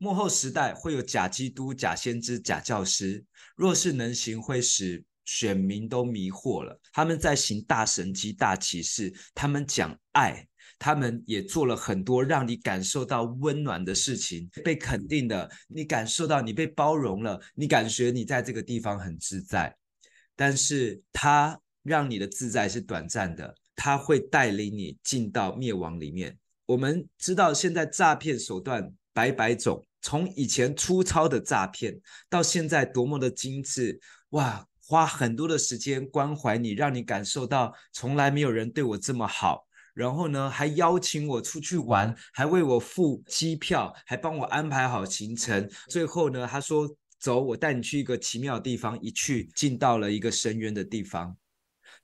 末後時代會有假基督、假先知、假教師，若是能行，會使選民都迷惑了。他們在行大神蹟、大啟示，他們講愛，他們也做了很多讓你感受到溫暖的事情，被肯定的，你感受到你被包容了，你感覺你在這個地方很自在。但是，他讓你的自在是短暫的，他會帶領你進到滅亡裡面。我們知道，現在詐騙手段百百種。從以前粗糙的詐騙，到現在多麼的精緻哇！花很多的時間關懷你，讓你感受到從來沒有人對我這麼好。然後呢，還邀請我出去玩，還為我付機票，還幫我安排好行程。最後呢，他說：“走，我帶你去一個奇妙的地方。”一去，進到了一個深淵的地方。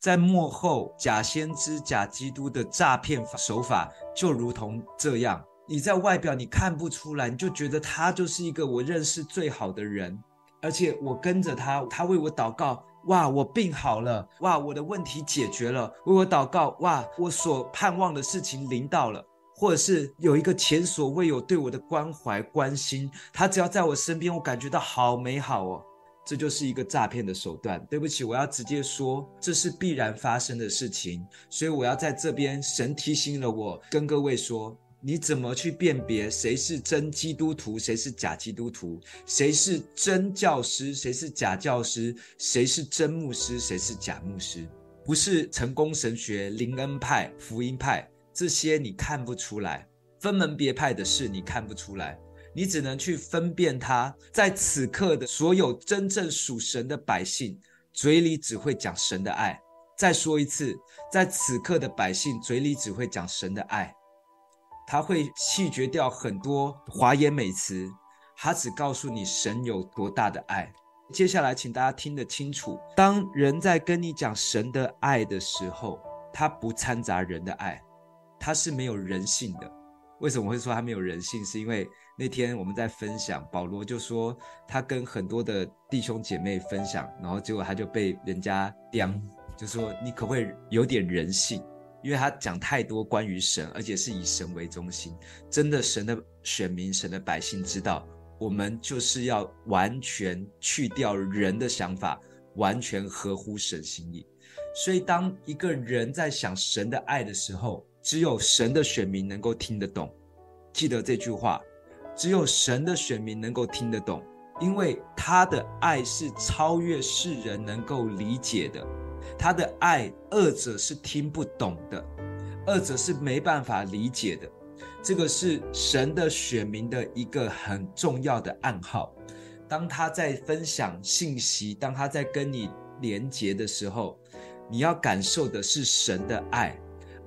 在末後，假先知、假基督的詐騙手法就如同這樣。你在外表你看不出來，你就覺得他就是一個我認識最好的人，而且我跟着他，他為我禱告，哇，我病好了，哇，我的問題解決了，為我禱告，哇，我所盼望的事情臨到了，或者是有一個前所未有對我的關懷關心，他只要在我身邊，我感覺到好美好哦，這就是一個詐騙的手段。對不起，我要直接說，這是必然發生的事情，所以我要在這邊，神提醒了我，跟各位說。你怎麼去辨別誰是真基督徒，誰是假基督徒，誰是真教師，誰是假教師，誰是真牧師，誰是假牧師？不是成功神學、靈恩派、福音派這些，你看不出來，分門別派的事你看不出來，你只能去分辨它。在此刻的所有真正屬神的百姓嘴裡只會講神的愛。再說一次，在此刻的百姓嘴裡只會講神的愛。他會棄絕掉很多華言美詞，他只告訴你神有多大的愛。接下來，請大家聽得清楚：當人在跟你講神的愛的時候，他不摻雜人的愛，他是沒有人性的。為什麼會說他沒有人性？是因為那天我們在分享，保羅就說他跟很多的弟兄姐妹分享，然後結果他就被人家涼，就說你可不可以有點人性？因為他講太多關於神，而且是以神為中心。真的，神的選民、神的百姓知道，我們就是要完全去掉人的想法，完全合乎神心意。所以，當一個人在想神的愛的時候，只有神的選民能夠聽得懂。記得這句話，只有神的選民能夠聽得懂，因為他的愛是超越世人能夠理解的。他的愛，惡者是聽不懂的，惡者是沒辦法理解的。這個是神的選民的一個很重要的暗號。當他在分享信息，當他在跟你連接的時候，你要感受的是神的愛。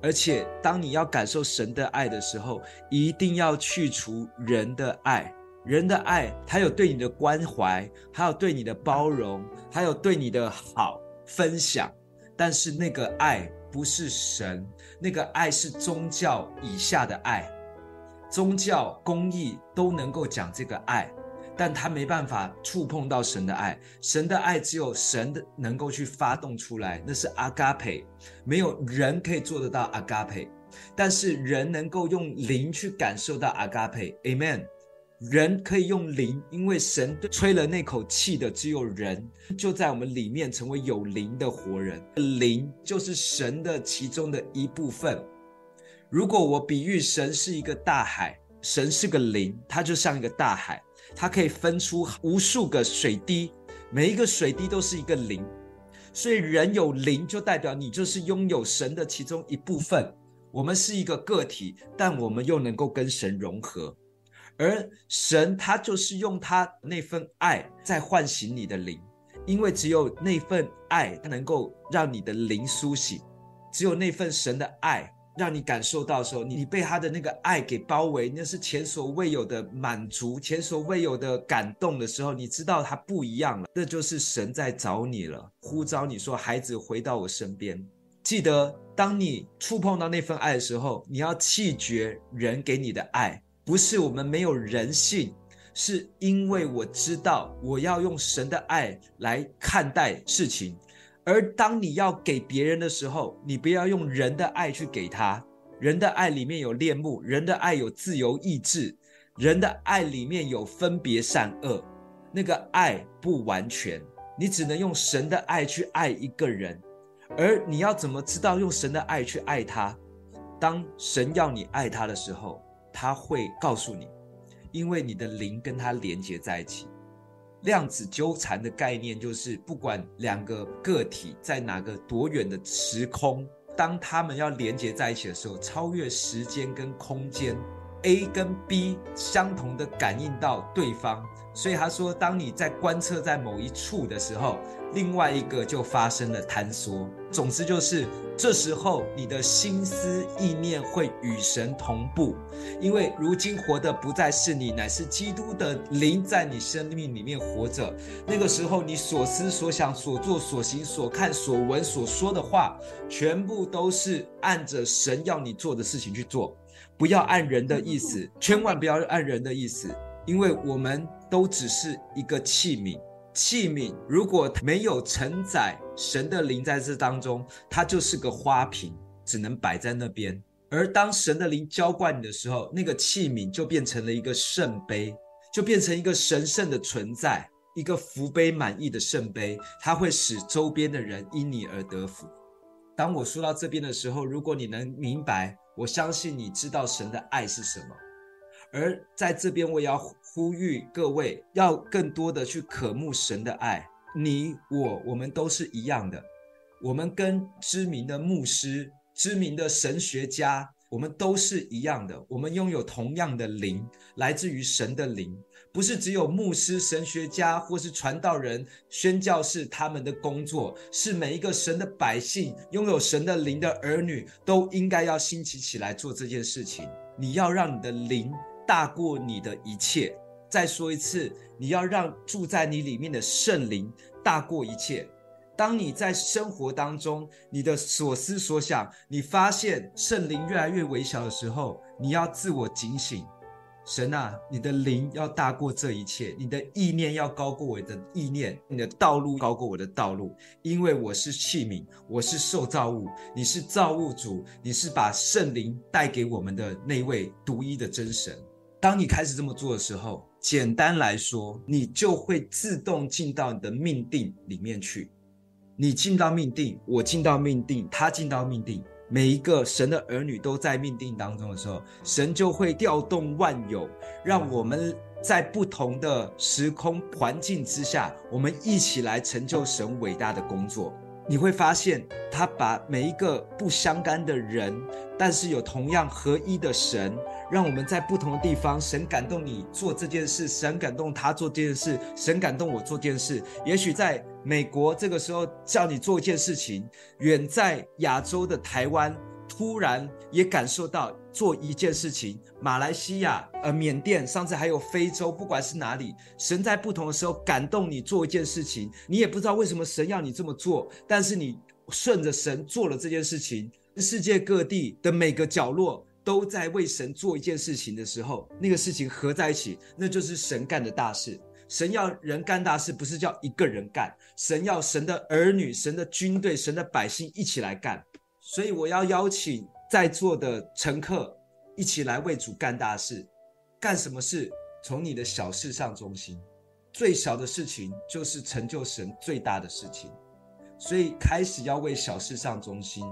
而且，當你要感受神的愛的時候，一定要去除人的愛。人的愛他有對你的關懷，還有對你的包容，還有對你的好。分享，但是那個愛不是神，那個愛是宗教以下的愛，宗教、公義都能夠講這個愛，但他沒辦法觸碰到神的愛。神的愛只有神的能夠去發動出來，那是阿嘎培，沒有人可以做得到阿嘎培，但是人能夠用靈去感受到阿嘎培，Amen。人可以用靈，因為神吹了那口氣的只有人，就在我們裡面成為有靈的活人。靈就是神的其中的一部分。如果我比喻神是一個大海，神是個靈，它就像一個大海，它可以分出無數個水滴，每一個水滴都是一個靈。所以人有靈，就代表你就是擁有神的其中一部分。我們是一個個體，但我們又能夠跟神融合。而神，他就是用他那份愛在喚醒你的靈，因為只有那份愛它能夠讓你的靈甦醒，只有那份神的愛讓你感受到的時候，你被他的那個愛給包圍，那是前所未有的滿足，前所未有的感動的時候，你知道他不一樣了，那就是神在找你了，呼召你說，孩子回到我身邊。記得，當你觸碰到那份愛的時候，你要棄絕人給你的愛。不是我們沒有人性，是因為我知道我要用神的愛來看待事情。而當你要給別人的時候，你不要用人的愛去給他。人的愛裡面有戀慕，人的愛有自由意志，人的愛裡面有分別善惡。那個愛不完全，你只能用神的愛去愛一個人。而你要怎麼知道用神的愛去愛他？當神要你愛他的時候。他會告訴你，因為你的靈跟它連接在一起。量子糾纏的概念就是，不管兩個個體在哪個多遠的時空，當他們要連接在一起的時候，超越時間跟空間，A 跟 B 相同的感應到對方。所以他說，當你在觀測在某一處的時候，另外一個就發生了坍縮。總之就是，這時候你的心思意念會與神同步，因為如今活的不再是你，乃是基督的靈在你生命裡面活着。那個時候，你所思所想、所做所行、所看所聞、所說的話，全部都是按着神要你做的事情去做，不要按人的意思，千萬不要按人的意思，因為我們都只是一個器皿。器皿如果沒有承載神的靈在這當中，它就是個花瓶，只能擺在那邊。而當神的靈澆灌你的時候，那個器皿就變成了一個聖杯，就變成一個神聖的存在，一個福杯滿溢的聖杯，它會使周邊的人因你而得福。當我說到這邊的時候，如果你能明白，我相信你知道神的愛是什麼。而在這邊，我也要。呼籲各位要更多的去渴慕神的愛。你我我們都是一樣的，我們跟知名的牧師、知名的神學家，我們都是一樣的。我們擁有同樣的靈，來自於神的靈，不是只有牧師、神學家或是傳道人、宣教士他們的工作，是每一個神的百姓、擁有神的靈的兒女，都應該要興起起來做這件事情。你要讓你的靈大過你的一切。再說一次，你要讓住在你裡面的聖靈大過一切。當你在生活當中，你的所思所想，你發現聖靈越來越微小的時候，你要自我警醒。神啊，你的靈要大過這一切，你的意念要高過我的意念，你的道路高過我的道路，因為我是器皿，我是受造物，你是造物主，你是把聖靈帶給我們的那位獨一的真神。當你開始這麼做的時候，簡單來說，你就會自動進到你的命定裡面去。你進到命定，我進到命定，他進到命定，每一個神的兒女都在命定當中的時候，神就會調動萬有，讓我們在不同的時空環境之下，我們一起來成就神偉大的工作。你會發現，他把每一個不相干的人，但是有同樣合一的神，讓我們在不同的地方，神感動你做這件事，神感動他做這件事，神感動我做這件事。也許在美國這個時候叫你做一件事情，遠在亞洲的台灣。突然也感受到做一件事情，馬來西亞、呃，緬甸，上次還有非洲，不管是哪裡，神在不同的時候感動你做一件事情，你也不知道為什麼神要你這麼做，但是你順着神做了這件事情。世界各地的每個角落都在為神做一件事情的時候，那個事情合在一起，那就是神幹的大事。神要人幹大事，不是叫一個人幹，神要神的兒女、神的軍隊、神的百姓一起來幹。所以我要邀請在座的乘客一起來為主幹大事，幹什麼事？從你的小事上忠心，最小的事情就是成就神最大的事情。所以開始要為小事上忠心。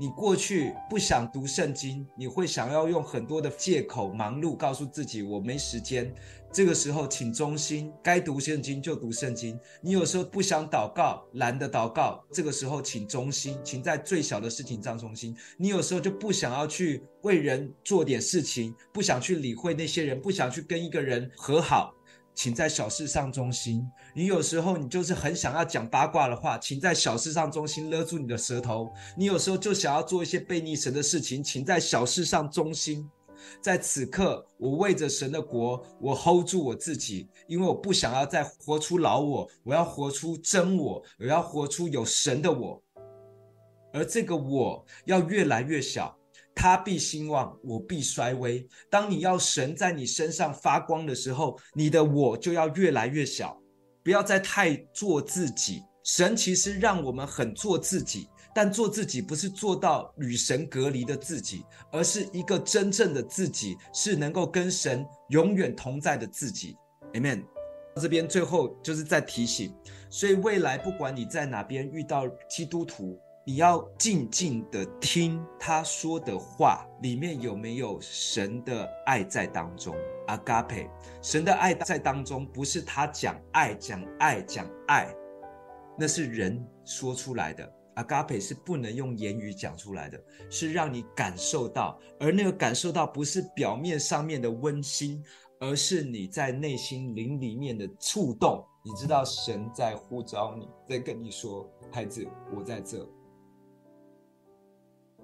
你過去不想讀聖經，你會想要用很多的借口忙碌，告訴自己我沒時間。這個時候，請忠心，該讀聖經就讀聖經。你有時候不想禱告，懶得禱告。這個時候，請忠心，請在最小的事情上忠心。你有時候就不想要去為人做點事情，不想去理會那些人，不想去跟一個人和好。請在小事上忠心。你有時候你就是很想要講八卦的話，請在小事上忠心，勒住你的舌頭。你有時候就想要做一些悖逆神的事情，請在小事上忠心。在此刻，我為着神的國，我 hold 住我自己，因為我不想要再活出老我，我要活出真我，我要活出有神的我，而這個我要越來越小。他必興旺，我必衰微。當你要神在你身上發光的時候，你的我就要越來越小。不要再太做自己。神其實讓我們很做自己，但做自己不是做到與神隔離的自己，而是一個真正的自己，是能夠跟神永遠同在的自己。Amen。這邊最後就是在提醒，所以未來不管你在哪邊遇到基督徒，你要靜靜地聽他說的話，裡面有沒有神的愛在當中？Agape，神的愛在當中，不是他講愛、講愛、講愛，那是人說出來的。Agape 是不能用言語講出來的，是讓你感受到，而那個感受到不是表面上面的溫馨，而是你在內心靈裡面的觸動。你知道神在呼召你，在跟你說：“孩子，我在這。”